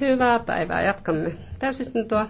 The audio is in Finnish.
Hyvää päivää, jatkamme täysistuntoa.